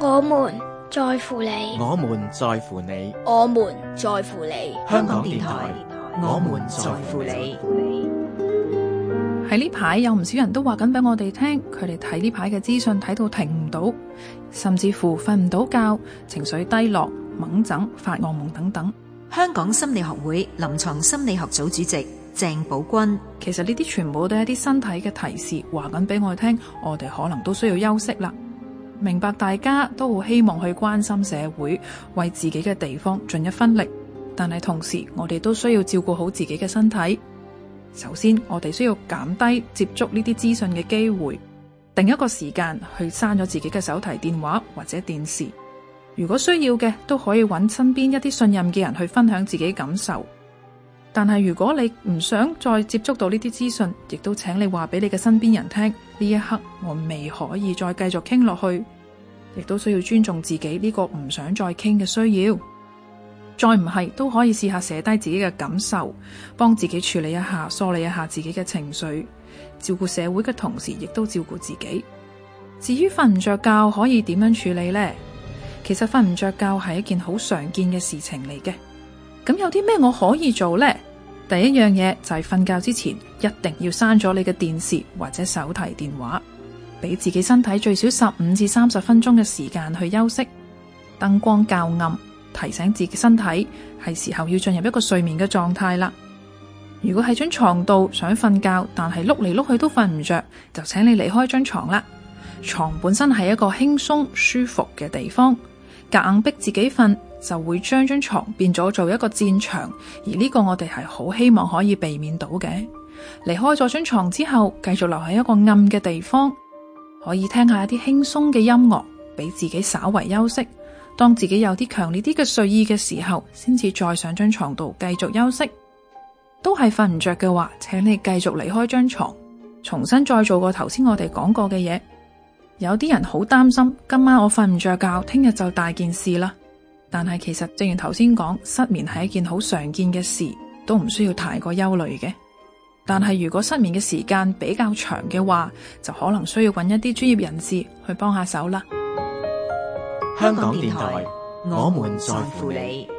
我們在乎你，我們在乎你，我們在乎你。香港電台我們在乎你電台。喺呢排有唔少人都話緊俾我哋聽，佢哋睇呢排嘅資訊睇到停唔到，甚至乎瞓唔到覺，情緒低落、猛醒發噩夢等等。香港心理學會臨牀心理學組主席鄭寶君，其實呢啲全部都係一啲身體嘅提示，話緊俾我哋聽，我哋可能都需要休息啦。明白大家都好希望去關心社會，為自己嘅地方盡一分力，但係同時我哋都需要照顧好自己嘅身體。首先，我哋需要減低接觸呢啲資訊嘅機會，定一個時間去刪咗自己嘅手提電話或者電視。如果需要嘅，都可以揾身邊一啲信任嘅人去分享自己感受。但係如果你唔想再接觸到呢啲資訊，亦都請你話俾你嘅身邊人聽，呢一刻我未可以再繼續傾落去。亦都需要尊重自己呢個唔想再傾嘅需要，再唔係都可以試下寫低自己嘅感受，幫自己處理一下，梳理一下自己嘅情緒，照顧社會嘅同時，亦都照顧自己。至於瞓唔着覺可以點樣處理咧？其實瞓唔着覺係一件好常見嘅事情嚟嘅。咁有啲咩我可以做咧？第一樣嘢就係瞓覺之前一定要熄咗你嘅電視或者手提電話。俾自己身體最少十五至三十分鐘嘅時間去休息，燈光較暗，提醒自己身體係時候要進入一個睡眠嘅狀態啦。如果喺張床度想瞓覺，但係碌嚟碌去都瞓唔着，就請你離開張床啦。床本身係一個輕鬆舒服嘅地方，夾硬逼自己瞓就會將張床變咗做一個戰場，而呢個我哋係好希望可以避免到嘅。離開咗張床之後，繼續留喺一個暗嘅地方。可以聽下一啲輕鬆嘅音樂，俾自己稍為休息。當自己有啲強烈啲嘅睡意嘅時候，先至再上張床度繼續休息。都係瞓唔着嘅話，請你繼續離開張床，重新再做過頭先我哋講過嘅嘢。有啲人好擔心今晚我瞓唔着覺，聽日就大件事啦。但係其實正如頭先講，失眠係一件好常見嘅事，都唔需要太過憂慮嘅。但係如果失眠嘅時間比較長嘅話，就可能需要揾一啲專業人士去幫下手啦。香港電台，我們在乎你。